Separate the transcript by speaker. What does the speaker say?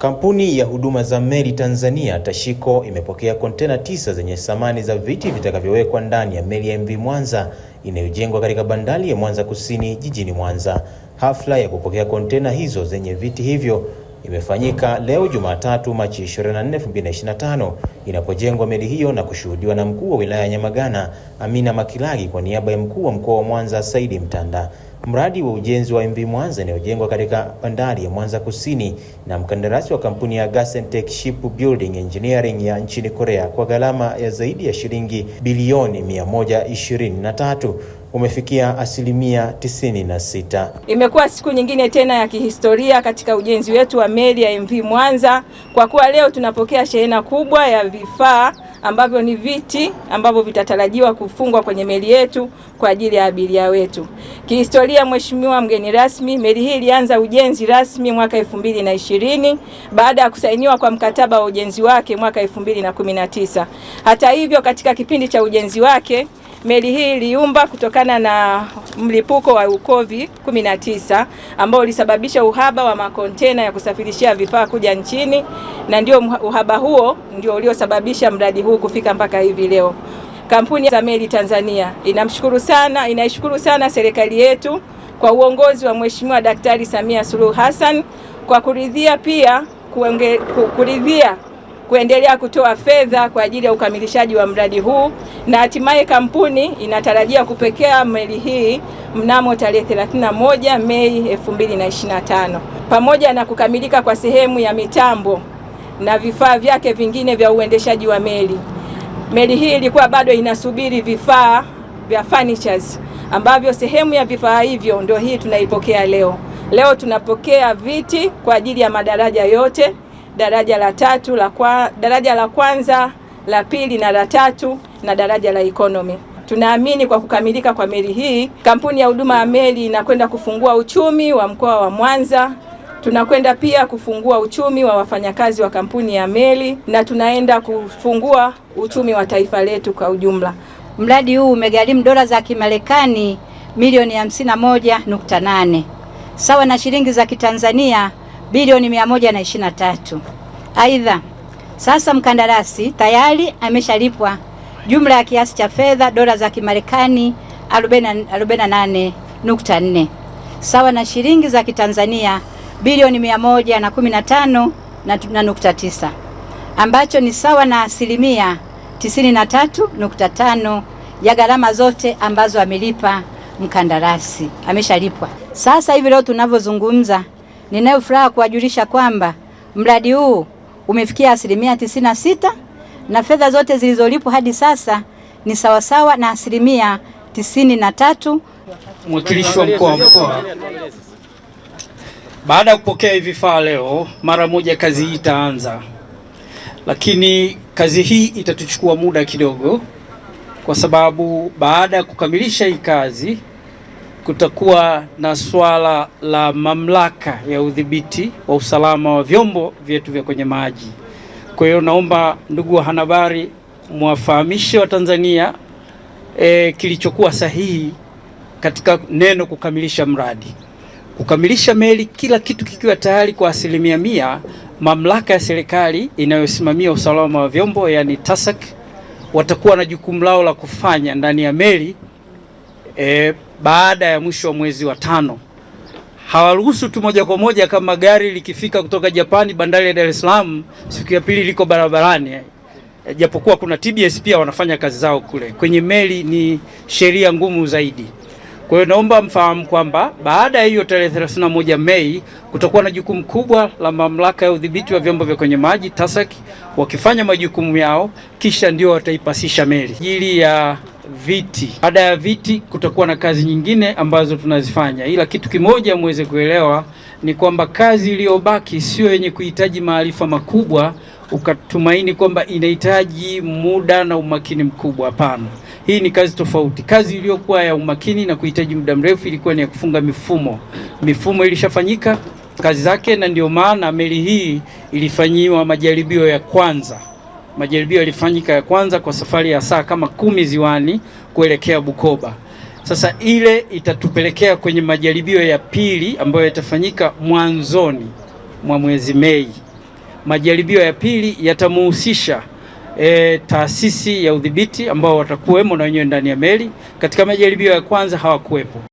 Speaker 1: Kampuni ya huduma za meli Tanzania Tashiko imepokea kontena tisa zenye samani za viti vitakavyowekwa ndani ya meli ya MV Mwanza inayojengwa katika bandari ya Mwanza Kusini jijini Mwanza. Hafla ya kupokea kontena hizo zenye viti hivyo imefanyika leo Jumatatu Machi 24, 2025 inapojengwa meli hiyo na kushuhudiwa na mkuu wa wilaya ya Nyamagana Amina Makilagi kwa niaba ya mkuu wa mkoa wa Mwanza Saidi Mtanda. Mradi wa ujenzi wa MV Mwanza inayojengwa katika bandari ya Mwanza Kusini na mkandarasi wa kampuni ya Gasentech Shipbuilding Engineering ya nchini Korea kwa gharama ya zaidi ya shilingi bilioni 123 umefikia asilimia 96. Imekuwa siku nyingine tena ya kihistoria katika ujenzi wetu wa meli ya MV Mwanza kwa kuwa leo tunapokea shehena kubwa ya vifaa ambavyo ni viti ambavyo vitatarajiwa kufungwa kwenye meli yetu kwa ajili ya abiria wetu. Kihistoria, Mheshimiwa mgeni rasmi, meli hii ilianza ujenzi rasmi mwaka 2020 baada ya kusainiwa kwa mkataba wa ujenzi wake mwaka 2019. Hata hivyo, katika kipindi cha ujenzi wake Meli hii iliumba kutokana na mlipuko wa ukovi 19 ambao ulisababisha uhaba wa makontena ya kusafirishia vifaa kuja nchini, na ndio uhaba huo ndio uliosababisha mradi huu kufika mpaka hivi leo. Kampuni ya Meli Tanzania inamshukuru sana, inaishukuru sana serikali yetu kwa uongozi wa Mheshimiwa Daktari Samia Suluhu Hassan kwa kuridhia pia kuridhia kuendelea kutoa fedha kwa ajili ya ukamilishaji wa mradi huu na hatimaye kampuni inatarajia kupokea meli hii mnamo tarehe 31 Mei 2025 pamoja na kukamilika kwa sehemu ya mitambo na vifaa vyake vingine vya uendeshaji wa meli. Meli hii ilikuwa bado inasubiri vifaa vya furnitures ambavyo sehemu ya vifaa hivyo ndio hii tunaipokea leo. Leo tunapokea viti kwa ajili ya madaraja yote daraja la tatu la kwa, daraja la kwanza la pili na la tatu na daraja la economy. Tunaamini kwa kukamilika kwa meli hii, kampuni ya huduma ya meli inakwenda kufungua uchumi wa mkoa wa Mwanza. Tunakwenda pia kufungua uchumi wa wafanyakazi wa kampuni ya meli na tunaenda kufungua uchumi wa taifa letu kwa ujumla.
Speaker 2: Mradi huu umegharimu dola za Kimarekani milioni 51.8 sawa na shilingi za Kitanzania bilioni 123. Aidha, sasa mkandarasi tayari ameshalipwa jumla ya kiasi cha fedha dola za Kimarekani 48.4 sawa na shilingi za Kitanzania bilioni 1159 tisa ambacho ni sawa na asilimia 93.5 ya gharama zote ambazo amelipa mkandarasi, ameshalipwa. Sasa hivi leo tunavyozungumza Ninayo furaha kuwajulisha kwamba mradi huu umefikia asilimia tisini na sita na fedha zote zilizolipwa hadi sasa ni sawasawa na asilimia tisini na tatu.
Speaker 3: Mwakilishi wa mkoa wa mkoa, baada ya kupokea hivi vifaa leo, mara moja kazi hii itaanza, lakini kazi hii itatuchukua muda kidogo, kwa sababu baada ya kukamilisha hii kazi kutakuwa na swala la mamlaka ya udhibiti wa usalama wa vyombo vyetu vya kwenye maji. Kwa hiyo naomba ndugu wanahabari, mwafahamishe Watanzania e, kilichokuwa sahihi katika neno kukamilisha mradi, kukamilisha meli, kila kitu kikiwa tayari kwa asilimia mia. Mamlaka ya serikali inayosimamia usalama wa vyombo yani TASAC watakuwa na jukumu lao la kufanya ndani ya meli e, baada ya mwisho wa mwezi wa tano. Hawaruhusu tu moja kwa moja, kama gari likifika kutoka Japani bandari ya Dar es Salaam, siku ya pili liko barabarani, japokuwa kuna TBS pia wanafanya kazi zao kule. Kwenye meli ni sheria ngumu zaidi. Kwa hiyo naomba mfahamu kwamba baada ya hiyo tarehe 31 Mei kutakuwa na jukumu kubwa la mamlaka ya udhibiti wa vyombo vya kwenye maji TASAC wakifanya majukumu yao, kisha ndio wataipasisha meli ajili ya viti. Baada ya viti, kutakuwa na kazi nyingine ambazo tunazifanya, ila kitu kimoja muweze kuelewa ni kwamba kazi iliyobaki sio yenye kuhitaji maarifa makubwa ukatumaini kwamba inahitaji muda na umakini mkubwa. Hapana, hii ni kazi tofauti. Kazi iliyokuwa ya umakini na kuhitaji muda mrefu ilikuwa ni ya kufunga mifumo. Mifumo ilishafanyika kazi zake, na ndio maana meli hii ilifanyiwa majaribio ya kwanza. Majaribio yalifanyika ya kwanza kwa safari ya saa kama kumi ziwani kuelekea Bukoba. Sasa ile itatupelekea kwenye majaribio ya pili ambayo yatafanyika mwanzoni mwa mwezi Mei. Majaribio ya pili yatamuhusisha e, taasisi ya udhibiti ambao watakuwemo na wenyewe ndani ya meli. Katika majaribio ya kwanza hawakuwepo.